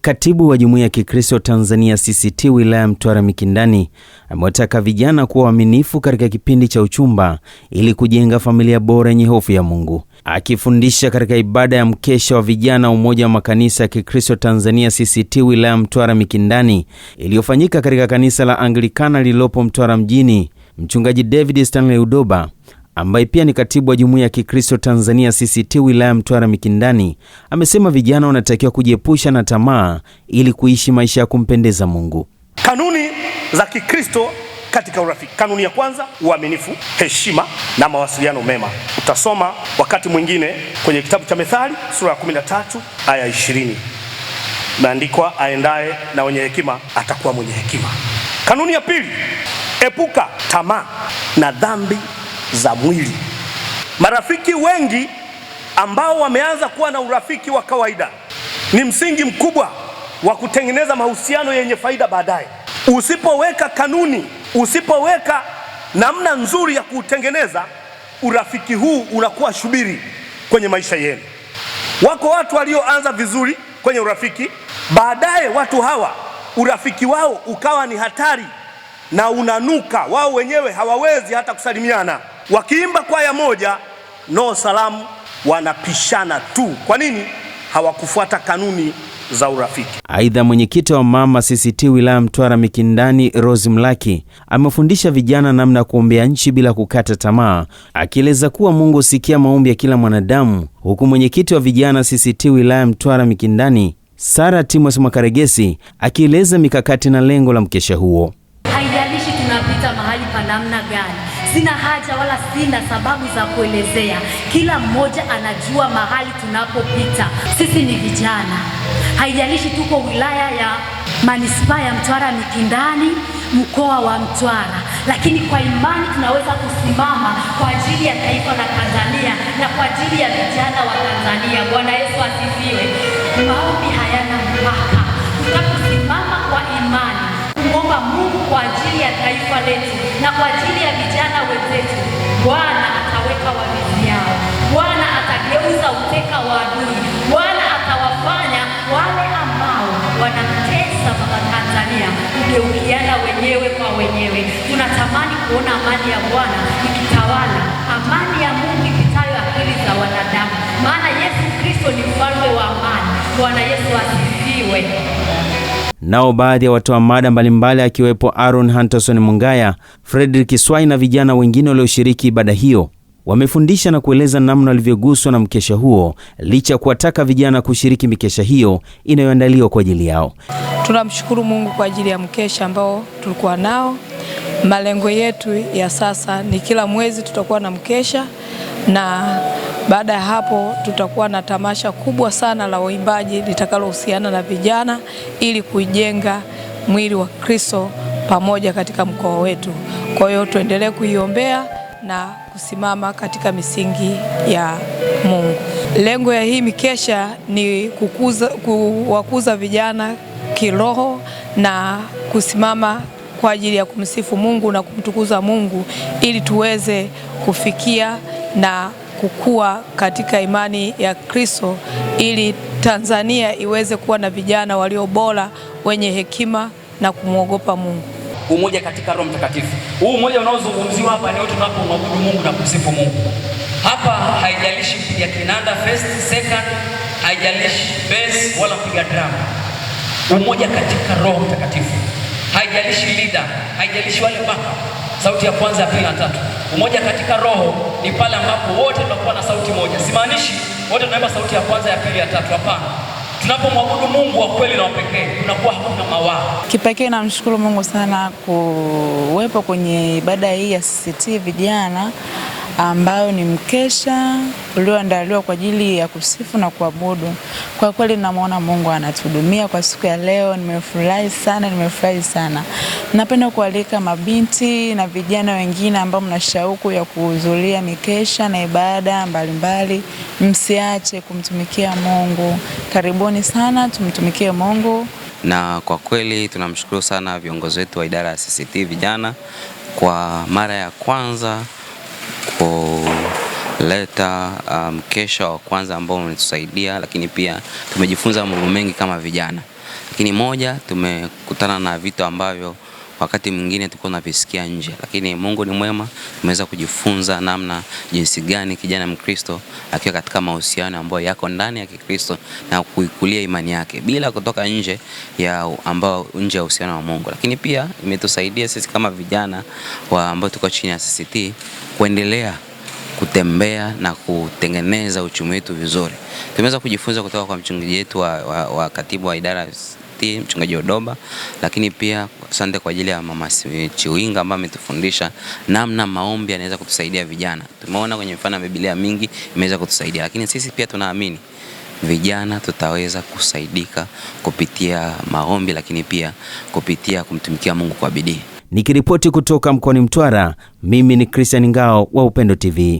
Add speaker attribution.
Speaker 1: Katibu wa Jumuiya ya Kikristo Tanzania CCT wilaya Mtwara Mikindani amewataka vijana kuwa waaminifu katika kipindi cha uchumba ili kujenga familia bora yenye hofu ya Mungu. Akifundisha katika ibada ya mkesha wa vijana Umoja wa Makanisa ya Kikristo Tanzania CCT wilaya Mtwara Mikindani iliyofanyika katika kanisa la Anglikana lililopo Mtwara mjini, Mchungaji David Stanley Udoba ambaye pia ni katibu wa jumuiya ya Kikristo Tanzania CCT wilaya Mtwara Mikindani, amesema vijana wanatakiwa kujiepusha na tamaa ili kuishi maisha ya kumpendeza Mungu.
Speaker 2: Kanuni za Kikristo katika urafiki. Kanuni ya kwanza, uaminifu, heshima na mawasiliano mema. Utasoma wakati mwingine kwenye kitabu cha Methali sura ya 13 aya 20, imeandikwa aendaye na wenye hekima atakuwa mwenye hekima. Kanuni ya pili, epuka tamaa na dhambi za mwili. Marafiki wengi ambao wameanza kuwa na urafiki wa kawaida ni msingi mkubwa wa kutengeneza mahusiano yenye faida baadaye. Usipoweka kanuni, usipoweka namna nzuri ya kuutengeneza urafiki huu, unakuwa shubiri kwenye maisha yenu. Wako watu walioanza vizuri kwenye urafiki, baadaye watu hawa urafiki wao ukawa ni hatari na unanuka, wao wenyewe hawawezi hata kusalimiana. Wakiimba kwaya moja, no salamu, wanapishana tu. Kwa nini? Hawakufuata kanuni za urafiki.
Speaker 1: Aidha, mwenyekiti wa mama CCT wilaya Mtwara Mikindani, Rose Mlaki amefundisha vijana namna ya kuombea nchi bila kukata tamaa, akieleza kuwa Mungu husikia maombi ya kila mwanadamu, huku mwenyekiti wa vijana CCT wilaya Mtwara Mikindani, Sara Timos mwakaregesi akieleza mikakati na lengo la mkesha huo.
Speaker 3: Haijalishi tunapita mahali pa namna gani Sina haja wala sina sababu za kuelezea. Kila mmoja anajua mahali tunapopita. Sisi ni vijana, haijalishi tuko wilaya ya manispaa ya Mtwara Mikindani, mkoa wa Mtwara, lakini kwa imani tunaweza kusimama kwa ajili ya taifa la Tanzania na kwa ajili ya vijana wa Tanzania. Bwana Yesu asifiwe. Maombi hayana mpaka kwa ajili ya taifa letu na kwa ajili ya vijana wenzetu. Bwana ataweka wamizi yao, Bwana atageuza uteka wa adui, Bwana atawafanya wale ambao wanamtesa baba Tanzania kugeukiana wenyewe kwa wenyewe. Tunatamani kuona amani ya Bwana ikitawala, amani ya Mungu ipitayo akili za wanadamu, maana Yesu Kristo ni mfalme wa amani. Bwana Yesu asifiwe.
Speaker 1: Nao baadhi ya watoa mada mbalimbali akiwepo Aaron Hunterson Mungaya, Frederick Swai na vijana wengine walioshiriki ibada hiyo wamefundisha na kueleza namna walivyoguswa na mkesha huo, licha ya kuwataka vijana kushiriki mikesha hiyo inayoandaliwa kwa ajili yao.
Speaker 4: Tunamshukuru Mungu kwa ajili ya mkesha ambao tulikuwa nao. Malengo yetu ya sasa ni kila mwezi tutakuwa na mkesha na baada ya hapo, tutakuwa na tamasha kubwa sana la waimbaji litakalohusiana na vijana ili kuijenga mwili wa Kristo pamoja katika mkoa wetu. Kwa hiyo tuendelee kuiombea na kusimama katika misingi ya Mungu. Lengo ya hii mikesha ni kukuza, kuwakuza vijana kiroho na kusimama kwa ajili ya kumsifu Mungu na kumtukuza Mungu ili tuweze kufikia na kukua katika imani ya Kristo ili Tanzania iweze kuwa na vijana walio bora wenye hekima na kumwogopa Mungu.
Speaker 5: Umoja katika Roho Mtakatifu. Huu umoja unaozungumziwa hapa ni wote tunapomwabudu Mungu na kusifu Mungu. Hapa haijalishi mpiga kinanda first, second, haijalishi bass wala mpiga drum. Umoja katika Roho Mtakatifu. Haijalishi leader, haijalishi wale baba sauti ya kwanza, ya pili na tatu. Umoja katika roho ni pale ambapo wote tunakuwa na sauti moja. Simaanishi wote tunaimba sauti ya kwanza, ya pili, ya tatu, hapana. Tunapomwabudu Mungu wa kweli na wapekee tunakuwa hakuna mawaa.
Speaker 6: Kipekee namshukuru Mungu sana kuwepo kwenye ibada hii ya CCT vijana ambayo ni mkesha ulioandaliwa kwa ajili ya kusifu na kuabudu. Kwa kweli namwona Mungu anatuhudumia kwa siku ya leo. Nimefurahi sana, nimefurahi sana. Napenda kualika mabinti na vijana wengine ambao mna shauku ya kuhudhuria mikesha na ibada mbalimbali, msiache kumtumikia Mungu. Karibuni sana, tumtumikie Mungu.
Speaker 7: Na kwa kweli tunamshukuru sana viongozi wetu wa idara ya CCT vijana kwa mara ya kwanza leta mkesha um, wa kwanza ambao umetusaidia, lakini pia tumejifunza mambo mengi kama vijana. Lakini moja, tumekutana na vitu ambavyo wakati mwingine tulikuwa tunavisikia nje, lakini Mungu ni mwema, tumeweza kujifunza namna jinsi gani kijana Mkristo akiwa katika mahusiano ambayo yako ndani ya Kikristo na kuikulia imani yake bila kutoka nje ya ambao nje ya uhusiano wa Mungu. Lakini pia imetusaidia sisi kama vijana ambao tuko chini ya CCT kuendelea kutembea na kutengeneza uchumi wetu vizuri. Tumeweza kujifunza kutoka kwa mchungaji wetu wa, wa, wa katibu wa idara mchungaji Odoba, lakini pia asante kwa ajili ya mama Chiwinga ambaye ametufundisha namna maombi yanaweza kutusaidia vijana. Tumeona kwenye mfano ya Biblia mingi imeweza kutusaidia, lakini sisi pia tunaamini vijana tutaweza kusaidika kupitia maombi, lakini pia kupitia kumtumikia Mungu kwa bidii.
Speaker 1: Nikiripoti kutoka mkoani Mtwara, mimi ni Christian Ngao wa Upendo TV.